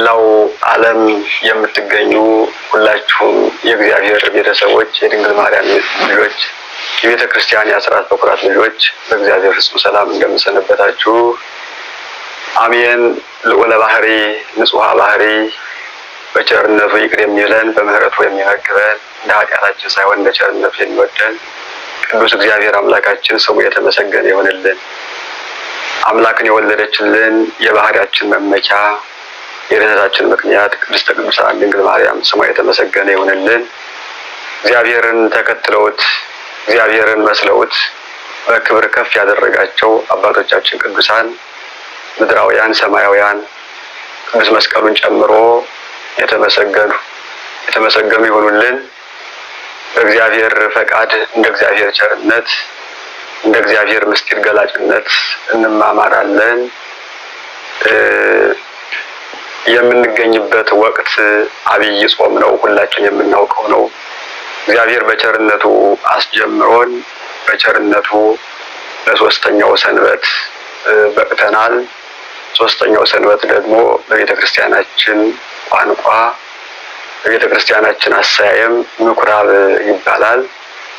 በመላው ዓለም የምትገኙ ሁላችሁም የእግዚአብሔር ቤተሰቦች፣ የድንግል ማርያም ልጆች፣ የቤተ ክርስቲያን የአስራት በኩራት ልጆች በእግዚአብሔር ፍጹም ሰላም እንደምሰነበታችሁ አሜን። ልዑለ ባህሪ ንጹሐ ባህሪ በቸርነቱ ይቅር የሚለን በምህረቱ የሚመግበን እንደ ኃጢአታችን ሳይሆን እንደ ቸርነቱ የሚወደን ቅዱስ እግዚአብሔር አምላካችን ስሙ የተመሰገነ ይሆንልን። አምላክን የወለደችልን የባህሪያችን መመኪያ የድኅነታችን ምክንያት ቅድስተ ቅዱሳን ድንግል ማርያም ስሟ የተመሰገነ ይሁንልን። እግዚአብሔርን ተከትለውት እግዚአብሔርን መስለውት በክብር ከፍ ያደረጋቸው አባቶቻችን ቅዱሳን ምድራውያን፣ ሰማያውያን ቅዱስ መስቀሉን ጨምሮ የተመሰገኑ የተመሰገኑ ይሆኑልን። በእግዚአብሔር ፈቃድ እንደ እግዚአብሔር ቸርነት እንደ እግዚአብሔር ምስጢር ገላጭነት እንማማራለን። የምንገኝበት ወቅት አብይ ጾም ነው። ሁላችን የምናውቀው ነው። እግዚአብሔር በቸርነቱ አስጀምሮን በቸርነቱ ለሶስተኛው ሰንበት በቅተናል። ሶስተኛው ሰንበት ደግሞ በቤተ ክርስቲያናችን ቋንቋ በቤተ ክርስቲያናችን አሰያየም ምኩራብ ይባላል።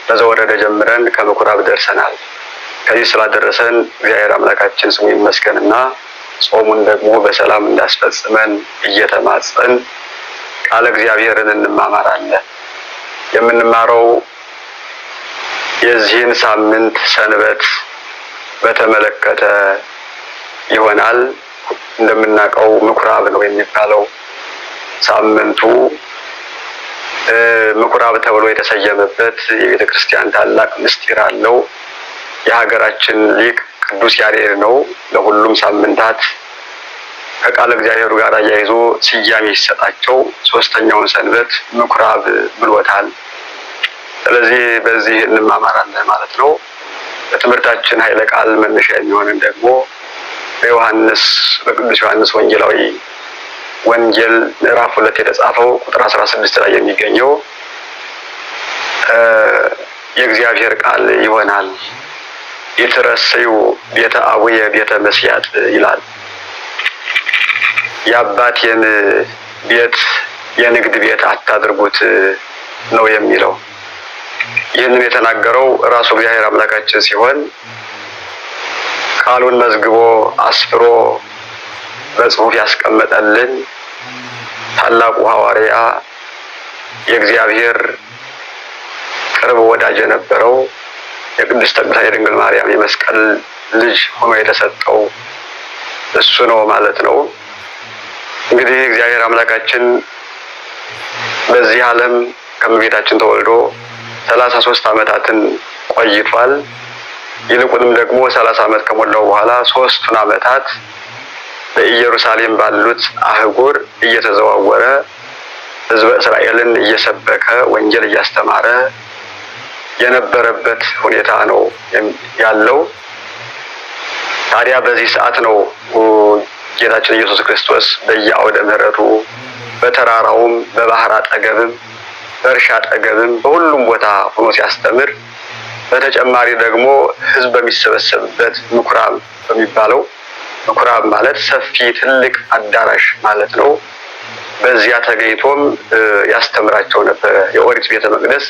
በዘወረደ ጀምረን ከምኩራብ ደርሰናል። ከዚህ ስላደረሰን እግዚአብሔር አምላካችን ስሙ ይመስገንና ጾሙን ደግሞ በሰላም እንዳስፈጽመን እየተማጸን ቃለ እግዚአብሔርን እንማማራለን። የምንማረው የዚህን ሳምንት ሰንበት በተመለከተ ይሆናል። እንደምናውቀው ምኩራብ ነው የሚባለው ሳምንቱ ምኩራብ ተብሎ የተሰየመበት የቤተ ክርስቲያን ታላቅ ምስጢር አለው። የሀገራችን ሊቅ ቅዱስ ያሬድ ነው። ለሁሉም ሳምንታት ከቃለ እግዚአብሔር ጋር አያይዞ ስያሜ ሲሰጣቸው ሶስተኛውን ሰንበት ምኩራብ ብሎታል። ስለዚህ በዚህ እንማማራለን ማለት ነው። በትምህርታችን ኃይለ ቃል መነሻ የሚሆንን ደግሞ በዮሐንስ በቅዱስ ዮሐንስ ወንጌላዊ ወንጌል ምዕራፍ ሁለት የተጻፈው ቁጥር አስራ ስድስት ላይ የሚገኘው የእግዚአብሔር ቃል ይሆናል። ይትረስዩ ቤተ አቡየ ቤተ መስያት ይላል። የአባቴን ቤት የንግድ ቤት አታድርጉት ነው የሚለው። ይህንን የተናገረው ራሱ እግዚአብሔር አምላካችን ሲሆን ቃሉን መዝግቦ አስፍሮ በጽሑፍ ያስቀመጠልን ታላቁ ሐዋርያ የእግዚአብሔር ቅርብ ወዳጅ የነበረው የቅድስተ ቅዱሳን የድንግል ማርያም የመስቀል ልጅ ሆኖ የተሰጠው እሱ ነው ማለት ነው። እንግዲህ እግዚአብሔር አምላካችን በዚህ ዓለም ከመቤታችን ተወልዶ ሰላሳ ሶስት ዓመታትን ቆይቷል። ይልቁንም ደግሞ ሰላሳ ዓመት ከሞላው በኋላ ሶስቱን ዓመታት በኢየሩሳሌም ባሉት አህጉር እየተዘዋወረ ሕዝበ እስራኤልን እየሰበከ ወንጌል እያስተማረ የነበረበት ሁኔታ ነው ያለው። ታዲያ በዚህ ሰዓት ነው ጌታችን ኢየሱስ ክርስቶስ በየአውደ ምሕረቱ በተራራውም በባህር አጠገብም በእርሻ አጠገብም በሁሉም ቦታ ሆኖ ሲያስተምር፣ በተጨማሪ ደግሞ ሕዝብ በሚሰበሰብበት ምኩራብ በሚባለው ምኩራብ ማለት ሰፊ ትልቅ አዳራሽ ማለት ነው። በዚያ ተገኝቶም ያስተምራቸው ነበረ። የኦሪት ቤተ መቅደስ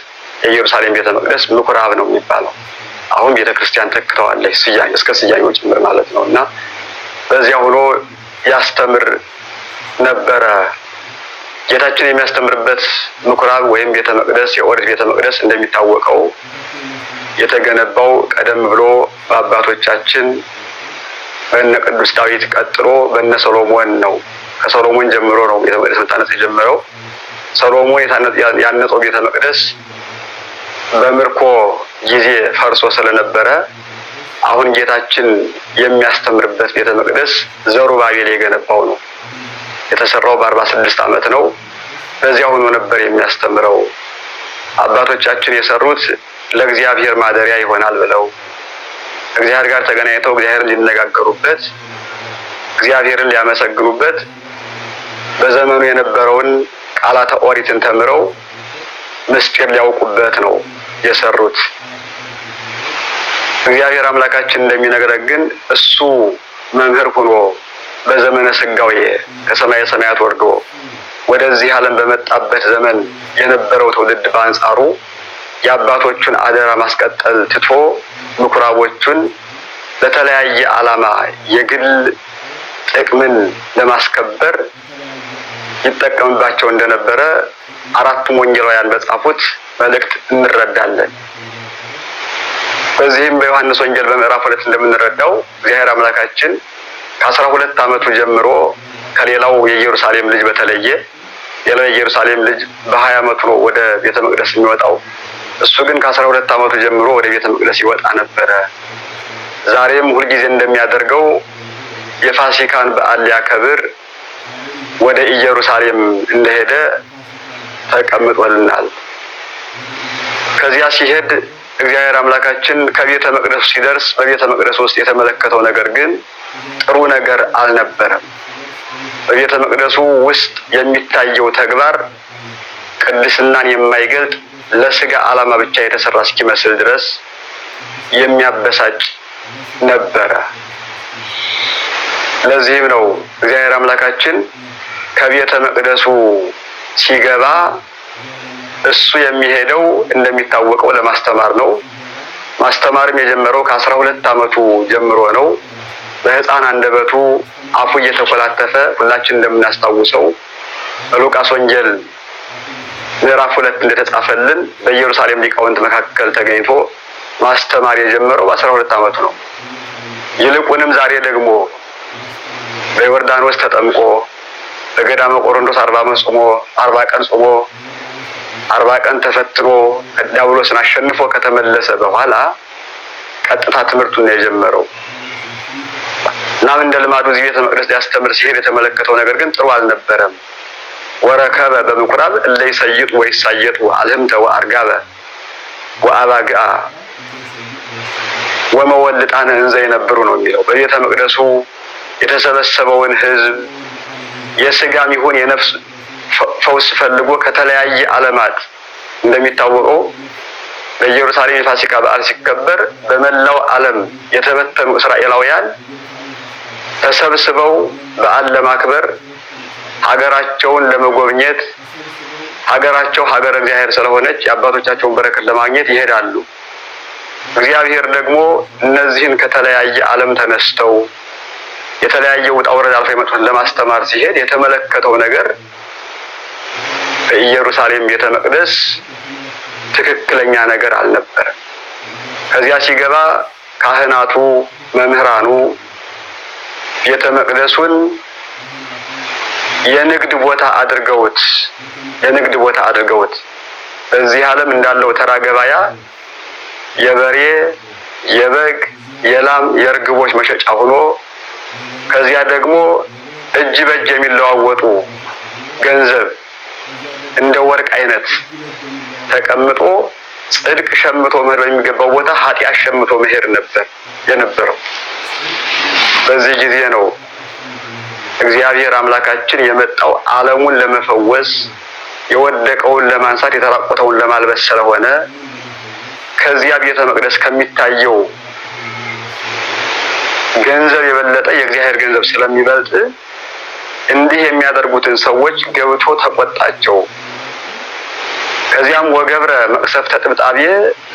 የኢየሩሳሌም ቤተ መቅደስ ምኩራብ ነው የሚባለው። አሁን ቤተ ክርስቲያን ተክተዋለች ስያሜ እስከ ስያሜው ጭምር ማለት ነው። እና በዚያ ሆኖ ያስተምር ነበረ። ጌታችን የሚያስተምርበት ምኩራብ ወይም ቤተ መቅደስ የኦሪት ቤተ መቅደስ እንደሚታወቀው የተገነባው ቀደም ብሎ በአባቶቻችን በነ ቅዱስ ዳዊት ቀጥሎ በነ ሰሎሞን ነው። ከሰሎሞን ጀምሮ ነው ቤተ መቅደስ መታነጽ የጀመረው። ሰሎሞን ያነጸው ቤተ መቅደስ በምርኮ ጊዜ ፈርሶ ስለነበረ አሁን ጌታችን የሚያስተምርበት ቤተ መቅደስ ዘሩባቤል የገነባው ነው። የተሰራው በአርባ ስድስት ዓመት ነው። በዚያ ሆኖ ነበር የሚያስተምረው። አባቶቻችን የሰሩት ለእግዚአብሔር ማደሪያ ይሆናል ብለው እግዚአብሔር ጋር ተገናኝተው እግዚአብሔርን ሊነጋገሩበት፣ እግዚአብሔርን ሊያመሰግኑበት በዘመኑ የነበረውን ቃላተ ኦሪትን ተምረው ምስጢር ሊያውቁበት ነው። የሰሩት። እግዚአብሔር አምላካችን እንደሚነግረን ግን እሱ መምህር ሆኖ በዘመነ ስጋዌ ከሰማየ ሰማያት ወርዶ ወደዚህ ዓለም በመጣበት ዘመን የነበረው ትውልድ በአንጻሩ የአባቶቹን አደራ ማስቀጠል ትቶ ምኩራቦቹን በተለያየ ዓላማ የግል ጥቅምን ለማስከበር ይጠቀምባቸው እንደነበረ አራቱም ወንጌላውያን በጻፉት መልእክት እንረዳለን። በዚህም በዮሐንስ ወንጌል በምዕራፍ ሁለት እንደምንረዳው እግዚአብሔር አምላካችን ከአስራ ሁለት ዓመቱ ጀምሮ ከሌላው የኢየሩሳሌም ልጅ በተለየ ሌላው የኢየሩሳሌም ልጅ በሀያ ዓመቱ ነው ወደ ቤተ መቅደስ የሚወጣው። እሱ ግን ከአስራ ሁለት ዓመቱ ጀምሮ ወደ ቤተ መቅደስ ይወጣ ነበረ። ዛሬም ሁልጊዜ እንደሚያደርገው የፋሲካን በዓል ሊያከብር ወደ ኢየሩሳሌም እንደሄደ ተቀምጦልናል። ከዚያ ሲሄድ እግዚአብሔር አምላካችን ከቤተ መቅደሱ ሲደርስ በቤተ መቅደሱ ውስጥ የተመለከተው ነገር ግን ጥሩ ነገር አልነበረም። በቤተ መቅደሱ ውስጥ የሚታየው ተግባር ቅድስናን የማይገልጥ ለስጋ ዓላማ ብቻ የተሰራ እስኪመስል ድረስ የሚያበሳጭ ነበረ። ለዚህም ነው እግዚአብሔር አምላካችን ከቤተ መቅደሱ ሲገባ እሱ የሚሄደው እንደሚታወቀው ለማስተማር ነው። ማስተማርም የጀመረው ከአስራ ሁለት ዓመቱ ጀምሮ ነው። በህፃን አንደበቱ አፉ እየተኮላተፈ ሁላችን እንደምናስታውሰው በሉቃስ ወንጌል ምዕራፍ ሁለት እንደተጻፈልን በኢየሩሳሌም ሊቃውንት መካከል ተገኝቶ ማስተማር የጀመረው በአስራ ሁለት ዓመቱ ነው። ይልቁንም ዛሬ ደግሞ በዮርዳኖስ ተጠምቆ በገዳመ ቆሮንቶስ አርባ ዓመት ጾሞ አርባ ቀን ጾሞ አርባ ቀን ተፈትኖ ዲያብሎስን አሸንፎ ከተመለሰ በኋላ ቀጥታ ትምህርቱን ነው የጀመረው። እናም እንደ ልማዱ እዚህ ቤተ መቅደስ ሊያስተምር ሲሄድ የተመለከተው ነገር ግን ጥሩ አልነበረም። ወረከበ በምኩራብ ወይ ይሰይጡ ወይሳየጡ አልህምተ ወአርጋበ ወአባግአ ወመወልጣነ እንዘ ይነብሩ ነው የሚለው በቤተ መቅደሱ የተሰበሰበውን ህዝብ የስጋም ይሁን የነፍስ ፈውስ ፈልጎ ከተለያየ ዓለማት እንደሚታወቀው በኢየሩሳሌም የፋሲካ በዓል ሲከበር በመላው ዓለም የተበተኑ እስራኤላውያን ተሰብስበው በዓል ለማክበር ሀገራቸውን ለመጎብኘት ሀገራቸው ሀገረ እግዚአብሔር ስለሆነች የአባቶቻቸውን በረከት ለማግኘት ይሄዳሉ። እግዚአብሔር ደግሞ እነዚህን ከተለያየ ዓለም ተነስተው የተለያየ ውጣ ውረድ አልፈው የመጡትን ለማስተማር ሲሄድ የተመለከተው ነገር በኢየሩሳሌም ቤተ መቅደስ ትክክለኛ ነገር አልነበረም። ከዚያ ሲገባ ካህናቱ፣ መምህራኑ ቤተ መቅደሱን የንግድ ቦታ አድርገውት የንግድ ቦታ አድርገውት በዚህ ዓለም እንዳለው ተራ ገበያ የበሬ፣ የበግ፣ የላም፣ የእርግቦች መሸጫ ሆኖ ከዚያ ደግሞ እጅ በእጅ የሚለዋወጡ ገንዘብ እንደ ወርቅ አይነት ተቀምጦ ጽድቅ ሸምቶ መሄድ በሚገባው ቦታ ኃጢአት ሸምቶ መሄድ ነበር የነበረው። በዚህ ጊዜ ነው እግዚአብሔር አምላካችን የመጣው ዓለሙን ለመፈወስ የወደቀውን ለማንሳት የተራቆተውን ለማልበስ ስለሆነ ከዚያ ቤተ መቅደስ ከሚታየው ገንዘብ የበለጠ የእግዚአብሔር ገንዘብ ስለሚበልጥ እንዲህ የሚያደርጉትን ሰዎች ገብቶ ተቆጣቸው። ከዚያም ወገብረ መቅሰፍተ ጥብጣቤ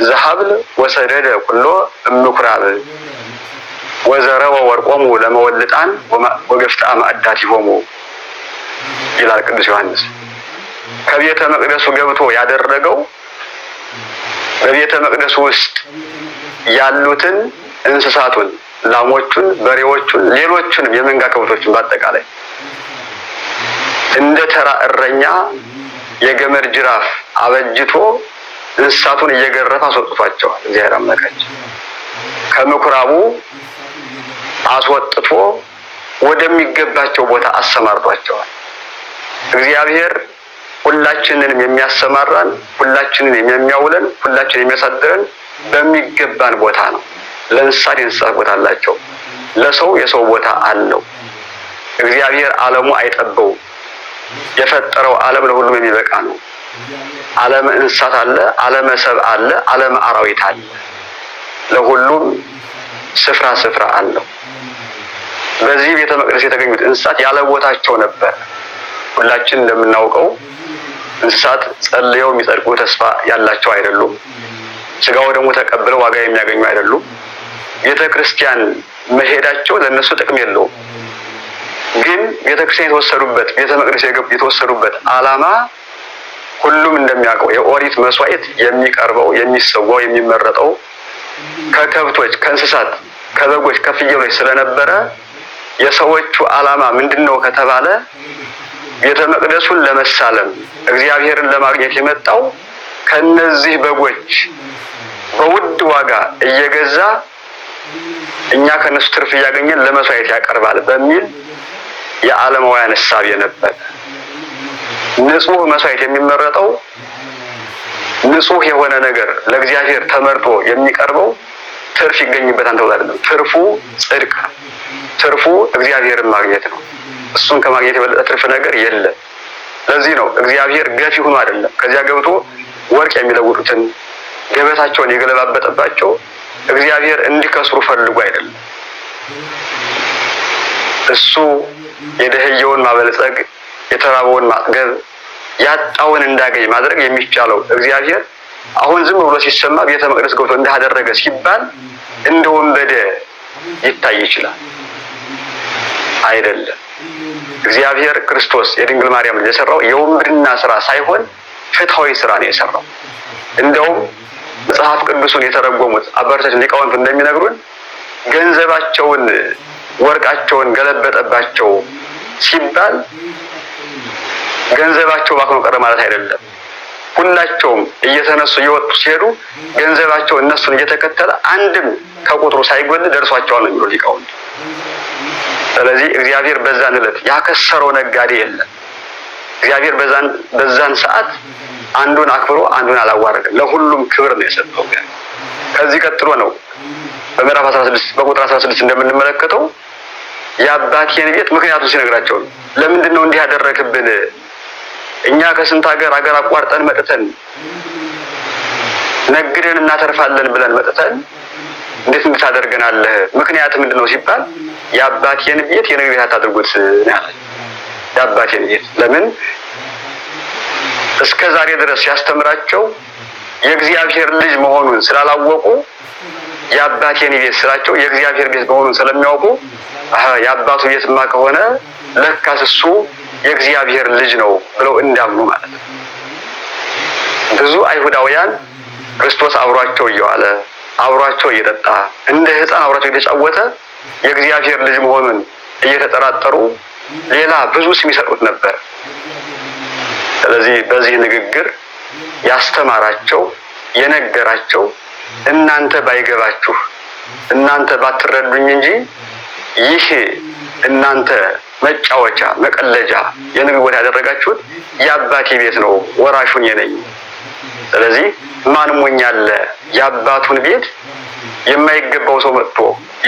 ዘሀብል ወሰደደ ኩሎ እምኩራብ ወዘረወ ወርቆሙ ለመወልጣን ወገፍጣ ይሆሙ ይላል ቅዱስ ዮሐንስ። ከቤተ መቅደሱ ገብቶ ያደረገው በቤተ መቅደሱ ውስጥ ያሉትን እንስሳቱን ላሞቹን፣ በሬዎቹን፣ ሌሎቹንም የመንጋ ከብቶችን በአጠቃላይ እንደ ተራ እረኛ የገመድ ጅራፍ አበጅቶ እንስሳቱን እየገረፈ አስወጥቷቸዋል። እግዚአብሔር አምላካችን ከምኩራቡ አስወጥቶ ወደሚገባቸው ቦታ አሰማርቷቸዋል። እግዚአብሔር ሁላችንንም የሚያሰማራን፣ ሁላችንን የሚያውለን፣ ሁላችንን የሚያሳድረን በሚገባን ቦታ ነው። ለእንስሳት የእንስሳት ቦታ አላቸው፣ ለሰው የሰው ቦታ አለው። እግዚአብሔር ዓለሙ አይጠበውም። የፈጠረው ዓለም ለሁሉም የሚበቃ ነው። ዓለም እንስሳት አለ፣ ዓለም ሰብ አለ፣ ዓለም አራዊት አለ። ለሁሉም ስፍራ ስፍራ አለው። በዚህ ቤተ መቅደስ የተገኙት እንስሳት ያለ ቦታቸው ነበር። ሁላችን እንደምናውቀው እንስሳት ጸልየው የሚጸድቁ ተስፋ ያላቸው አይደሉም። ስጋው ደግሞ ተቀብለው ዋጋ የሚያገኙ አይደሉም። ቤተ ክርስቲያን መሄዳቸው ለእነሱ ጥቅም የለውም። ግን ቤተ ክርስቲያን የተወሰዱበት ቤተ መቅደስ የተወሰዱበት ዓላማ ሁሉም እንደሚያውቀው የኦሪት መስዋዕት የሚቀርበው የሚሰዋው የሚመረጠው ከከብቶች ከእንስሳት ከበጎች ከፍየሎች ስለነበረ የሰዎቹ ዓላማ ምንድን ነው ከተባለ ቤተ መቅደሱን ለመሳለም እግዚአብሔርን ለማግኘት የመጣው ከነዚህ በጎች በውድ ዋጋ እየገዛ እኛ ከነሱ ትርፍ እያገኘን ለመስዋዕት ያቀርባል በሚል የዓለማውያን እሳቤ ነበር። ንጹህ መስዋዕት የሚመረጠው ንጹህ የሆነ ነገር ለእግዚአብሔር ተመርጦ የሚቀርበው ትርፍ ይገኝበታል ተብሎ አይደለም። ትርፉ ጽድቅ፣ ትርፉ እግዚአብሔርን ማግኘት ነው። እሱን ከማግኘት የበለጠ ትርፍ ነገር የለም። ለዚህ ነው እግዚአብሔር ገፊ ሆኖ አይደለም ከዚያ ገብቶ ወርቅ የሚለውጡትን ገበታቸውን የገለባበጠባቸው እግዚአብሔር እንዲከስሩ ፈልጎ አይደለም። እሱ የደህየውን ማበልጸግ፣ የተራበውን ማጥገብ፣ ያጣውን እንዳገኝ ማድረግ የሚቻለው እግዚአብሔር አሁን ዝም ብሎ ሲሰማ ቤተ መቅደስ ገብቶ እንዳደረገ ሲባል እንደ ወንበደ ይታይ ይችላል። አይደለም። እግዚአብሔር ክርስቶስ የድንግል ማርያም የሰራው የወንብድና ስራ ሳይሆን ፍትሐዊ ስራ ነው የሰራው። እንደውም መጽሐፍ ቅዱሱን የተረጎሙት አባቶቻችን ሊቃውንት እንደሚነግሩን ገንዘባቸውን ወርቃቸውን ገለበጠባቸው ሲባል ገንዘባቸው ባክኖ ቀረ ማለት አይደለም። ሁላቸውም እየተነሱ እየወጡ ሲሄዱ ገንዘባቸው እነሱን እየተከተለ አንድም ከቁጥሩ ሳይጎል ደርሷቸዋል ነው የሚሉ ሊቃውንት። ስለዚህ እግዚአብሔር በዛን ዕለት ያከሰረው ነጋዴ የለም። እግዚአብሔር በዛን በዛን ሰዓት አንዱን አክብሮ አንዱን አላዋረደም። ለሁሉም ክብር ነው የሰጠው። ከዚህ ቀጥሎ ነው በምዕራፍ 16 በቁጥር 16 እንደምንመለከተው የአባቴን ቤት ምክንያቱ ሲነግራቸው ነው። ለምንድን ነው እንዲህ ያደረክብን? እኛ ከስንት ሀገር ሀገር አቋርጠን መጥተን ነግደን እናተርፋለን ብለን መጥተን እንዴት እንድታደርገናለህ? ምክንያት ምንድን ነው ሲባል የአባቴን ቤት የንግድ ቤት አታድርጉት ነው ያላቸው። ዳባሽን ለምን እስከ ዛሬ ድረስ ሲያስተምራቸው የእግዚአብሔር ልጅ መሆኑን ስላላወቁ የአባቴን ቤት ስራቸው የእግዚአብሔር ቤት መሆኑን ስለሚያውቁ የአባቱ ቤትማ ከሆነ ለካስ እሱ የእግዚአብሔር ልጅ ነው ብለው እንዳምኑ ማለት ነው። ብዙ አይሁዳውያን ክርስቶስ አብሯቸው እየዋለ አብሯቸው እየጠጣ እንደ ሕፃን አብሯቸው እየተጫወተ የእግዚአብሔር ልጅ መሆኑን እየተጠራጠሩ ሌላ ብዙ ስም ይሰጡት ነበር። ስለዚህ በዚህ ንግግር ያስተማራቸው የነገራቸው እናንተ ባይገባችሁ እናንተ ባትረዱኝ እንጂ ይህ እናንተ መጫወቻ መቀለጃ የንግድ ቦታ ያደረጋችሁት የአባቴ ቤት ነው፣ ወራሹን የነኝ። ስለዚህ ማን ሞኝ አለ የአባቱን ቤት የማይገባው ሰው መጥቶ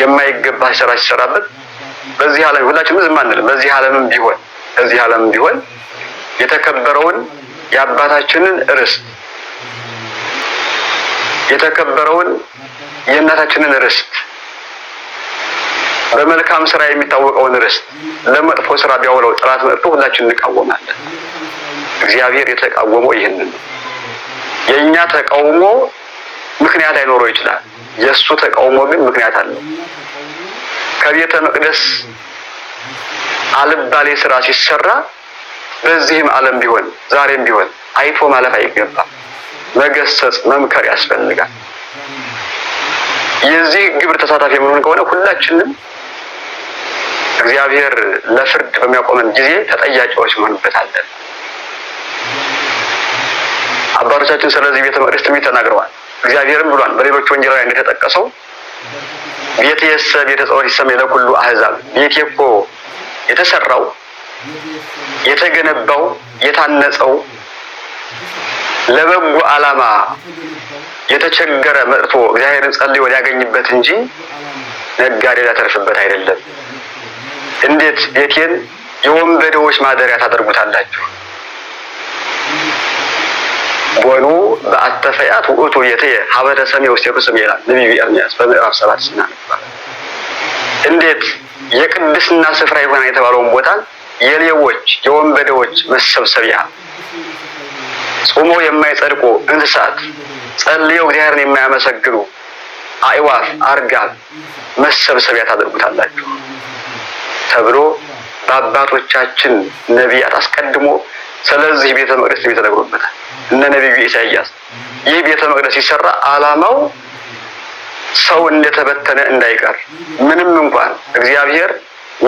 የማይገባ ሲሰራ ሲሰራበት በዚህ ዓለም ሁላችንም ዝም አንልም። በዚህ ዓለምም ቢሆን በዚህ ዓለምም ቢሆን የተከበረውን የአባታችንን ርስት የተከበረውን የእናታችንን ርስት በመልካም ስራ የሚታወቀውን ርስት ለመጥፎ ስራ ቢያውለው ጥላት መጥቶ ሁላችን እንቃወማለን። እግዚአብሔር የተቃወመው ይህንን የእኛ ተቃውሞ ምክንያት አይኖረው ይችላል። የእሱ ተቃውሞ ግን ምክንያት አለው። ከቤተ መቅደስ አልባሌ ስራ ሲሰራ በዚህም ዓለም ቢሆን ዛሬም ቢሆን አይቶ ማለፍ አይገባም። መገሰጽ፣ መምከር ያስፈልጋል። የዚህ ግብር ተሳታፊ የምንሆን ከሆነ ሁላችንም እግዚአብሔር ለፍርድ በሚያቆመን ጊዜ ተጠያቂዎች መሆንበት አለን። አባቶቻችን ስለዚህ ቤተ መቅደስ ትንቢት ተናግረዋል። እግዚአብሔርም ብሏል። በሌሎች ወንጌላውያን እንደተጠቀሰው ቤቴሰ ቤተ ጸወትሰ ለኩሉ አህዛብ ቤቴ እኮ የተሰራው የተገነባው የታነጸው ለበጎ ዓላማ የተቸገረ መጥቶ እግዚአብሔርን ጸልዮ ሊያገኝበት እንጂ ነጋዴ ሊያተርፍበት አይደለም። እንዴት ቤቴን የወንበዴዎች ማደሪያ ታደርጉታላችሁ? ጎኑ በአተፈያት ውእቱ የትየ ሀበደ ሰሜ ውስጥ የቁስም ይላል ነቢዩ ኤርምያስ በምዕራፍ ሰባት ሲና እንዴት የቅድስና ስፍራ ይሆናል የተባለውን ቦታ የሌቦች የወንበዴዎች መሰብሰቢያ ጾሞ የማይጸድቁ እንስሳት ጸልየው እግዚአብሔርን የማያመሰግኑ አእዋፍ አርጋብ መሰብሰቢያ ታደርጉታላችሁ ተብሎ በአባቶቻችን ነቢያት አስቀድሞ ስለዚህ ቤተ መቅደስ ትንቢት ተነግሮበታል እነ ነቢዩ ኢሳያስ ይህ ቤተ መቅደስ ሲሰራ አላማው ሰው እንደተበተነ እንዳይቀር ምንም እንኳን እግዚአብሔር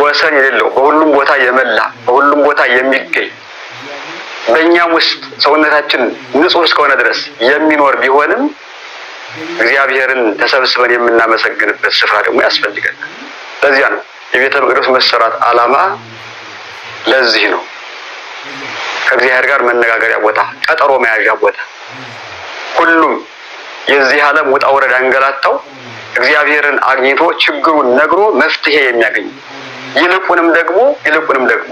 ወሰን የሌለው በሁሉም ቦታ የመላ በሁሉም ቦታ የሚገኝ በእኛም ውስጥ ሰውነታችን ንጹሕ እስከሆነ ድረስ የሚኖር ቢሆንም እግዚአብሔርን ተሰብስበን የምናመሰግንበት ስፍራ ደግሞ ያስፈልገናል። ለዚያ ነው የቤተ መቅደስ መሰራት አላማ ለዚህ ነው። ከእግዚአብሔር ጋር መነጋገሪያ ቦታ፣ ቀጠሮ መያዣ ቦታ። ሁሉም የዚህ ዓለም ውጣ ውረድ አንገላታው እግዚአብሔርን አግኝቶ ችግሩን ነግሮ መፍትሄ የሚያገኝ ይልቁንም ደግሞ ይልቁንም ደግሞ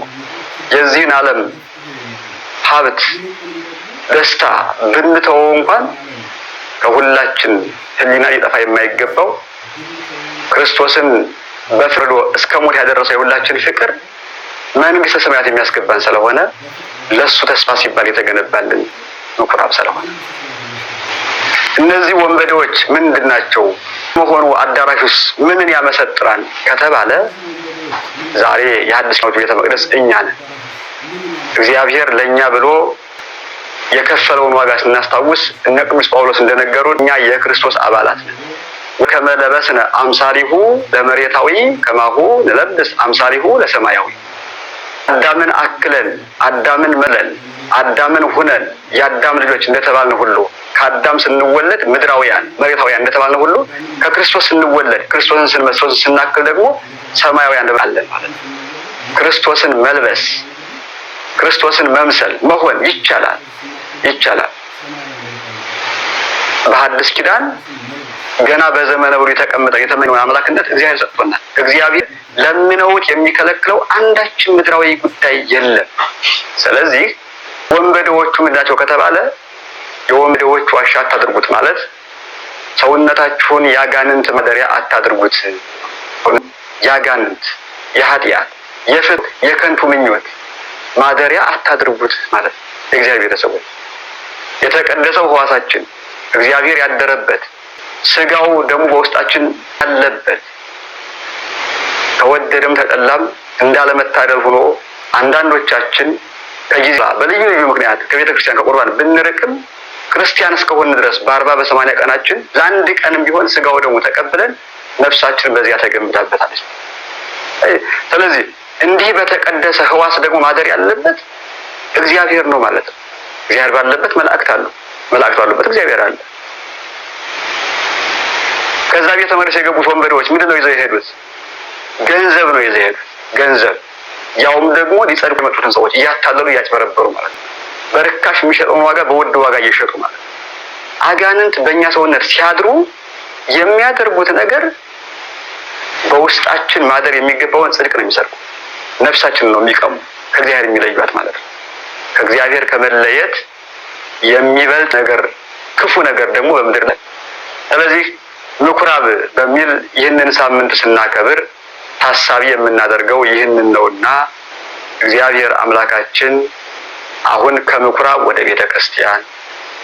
የዚህን ዓለም ሀብት ደስታ ብንተው እንኳን ከሁላችን ህሊና ሊጠፋ የማይገባው ክርስቶስን በፍርዶ እስከ ሞት ያደረሰው የሁላችን ፍቅር መንግስተ ሰማያት የሚያስገባን ስለሆነ ለሱ ተስፋ ሲባል የተገነባልን ምኩራብ ስለሆነ እነዚህ ወንበዴዎች ምንድን ናቸው መሆኑ ውስጥ ምንን ያመሰጥራል ከተባለ ዛሬ የሐዲስ ኪዳኑ ቤተ መቅደስ እኛ ነን። እግዚአብሔር ለእኛ ብሎ የከፈለውን ዋጋ ስናስታውስ እነ ቅዱስ ጳውሎስ እንደነገሩን እኛ የክርስቶስ አባላት ነን። ከመለበስነ አምሳሪሁ ለመሬታዊ ከማሁ ንለብስ አምሳሪሁ ለሰማያዊ አዳምን አክለን አዳምን ምለን አዳምን ሁነን የአዳም ልጆች እንደተባልን ሁሉ ከአዳም ስንወለድ ምድራውያን መሬታውያን እንደተባልን ሁሉ ከክርስቶስ ስንወለድ ክርስቶስን ስንመስል ስናክል ደግሞ ሰማያውያን እንባለን ማለት ነው። ክርስቶስን መልበስ ክርስቶስን መምሰል መሆን ይቻላል ይቻላል። በሐዲስ ኪዳን ገና በዘመነ ብሩ የተቀመጠው የተመኘውን አምላክነት እግዚአብሔር ሰጥቶናል። እግዚአብሔር ለምነውት የሚከለክለው አንዳችን ምድራዊ ጉዳይ የለም። ስለዚህ ወንበዴዎቹ ምንዳቸው ከተባለ የወንበዴዎቹ ዋሻ አታድርጉት ማለት ሰውነታችሁን ያጋንንት ማደሪያ አታድርጉት። ያጋንንት፣ የኃጢአት፣ የፍት፣ የከንቱ ምኞት ማደሪያ አታድርጉት ማለት እግዚአብሔር ቤተሰቦች የተቀደሰው ህዋሳችን እግዚአብሔር ያደረበት ስጋው ደግሞ በውስጣችን አለበት። ተወደደም ተጠላም እንዳለመታደል ሆኖ አንዳንዶቻችን ከጊዜ በልዩ ልዩ ምክንያት ከቤተ ክርስቲያን ከቁርባን ብንርቅም ክርስቲያን እስከሆን ድረስ በአርባ በሰማንያ ቀናችን ለአንድ ቀንም ቢሆን ስጋው ደግሞ ተቀብለን ነፍሳችን በዚያ ተገምታበታለች። ስለዚህ እንዲህ በተቀደሰ ህዋስ ደግሞ ማደር ያለበት እግዚአብሔር ነው ማለት ነው። እግዚአብሔር ባለበት መላእክት አሉ፣ መላእክት ባሉበት እግዚአብሔር አለ። ከዛ ቤተ መቅደስ የገቡት ወንበዴዎች ምንድን ነው ይዘው የሄዱት? ገንዘብ ነው ይዘው የሄዱት ገንዘብ። ያውም ደግሞ ሊጸድቁ የመጡትን ሰዎች እያታለሉ እያጭበረበሩ ማለት ነው። በርካሽ የሚሸጠውን ዋጋ በውድ ዋጋ እየሸጡ ማለት ነው። አጋንንት በእኛ ሰውነት ሲያድሩ የሚያደርጉት ነገር በውስጣችን ማደር የሚገባውን ጽድቅ ነው የሚሰርቁ፣ ነፍሳችን ነው የሚቀሙ፣ ከእግዚአብሔር የሚለዩት ማለት ነው። ከእግዚአብሔር ከመለየት የሚበልጥ ነገር ክፉ ነገር ደግሞ በምድር ላይ ስለዚህ ምኩራብ በሚል ይህንን ሳምንት ስናከብር ታሳቢ የምናደርገው ይህንን ነውና እግዚአብሔር አምላካችን አሁን ከምኩራብ ወደ ቤተ ክርስቲያን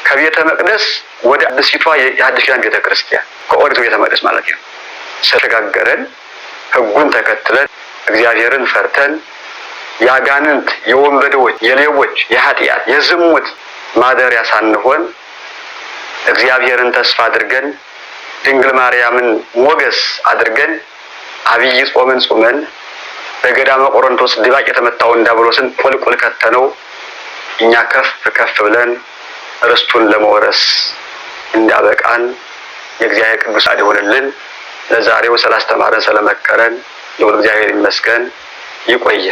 ከቤተ መቅደስ ወደ አዲሲቷ የአዲስ ኪዳን ቤተ ክርስቲያን ከኦሪቱ ቤተ መቅደስ ማለት ነው ስለተጋገረን ሕጉን ተከትለን እግዚአብሔርን ፈርተን የአጋንንት፣ የወንበዴዎች፣ የሌቦች፣ የኃጢአት፣ የዝሙት ማደሪያ ሳንሆን እግዚአብሔርን ተስፋ አድርገን ድንግል ማርያምን ሞገስ አድርገን አብይ ጾምን ጾመን በገዳመ ቆሮንቶስ ድባቅ የተመታውን ዲያብሎስን ቁልቁል ከተነው እኛ ከፍ ከፍ ብለን ርስቱን ለመውረስ እንዳበቃን የእግዚአብሔር ቅዱስ አድ ይሆንልን። ለዛሬው ስላስተማረን ስለመከረን ልዑል እግዚአብሔር ይመስገን። ይቆየ